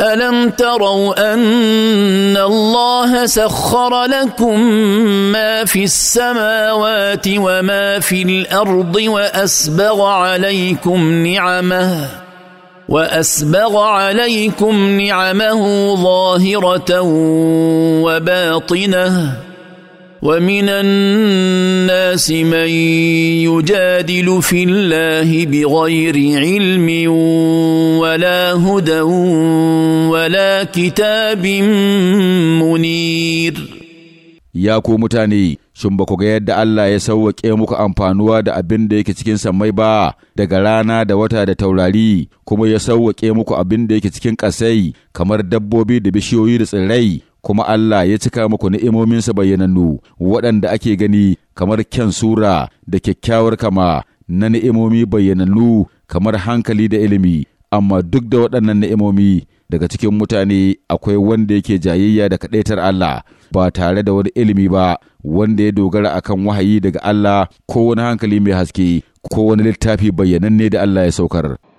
الم تروا ان الله سخر لكم ما في السماوات وما في الارض واسبغ عليكم نعمه واسبغ عليكم نعمه ظاهره وباطنه ومن الناس من يجادل في الله بغير علم ولا هدى ولا كتاب منير ya كومتاني mutane shin ba ku ga yadda Allah ya sauwaƙe muku amfanuwa da abin da yake cikin sammai ba daga rana da wata da taurari kuma ya sauwaƙe muku abin da yake cikin ƙasai kamar dabbobi da bishiyoyi da tsirrai kuma Allah ya cika muku ni'imominsa bayyanannu waɗanda ake gani kamar kyan sura da kyakkyawar kama na ni'imomi bayyanannu kamar hankali da ilimi, amma duk da waɗannan ni'imomi daga cikin mutane akwai wanda yake jayayya da kaɗaitar Allah ba tare da wani ilimi ba wanda ya dogara a kan wahayi daga Allah ko wani hankali mai haske ko wani littafi bayyananne da Allah ya saukar.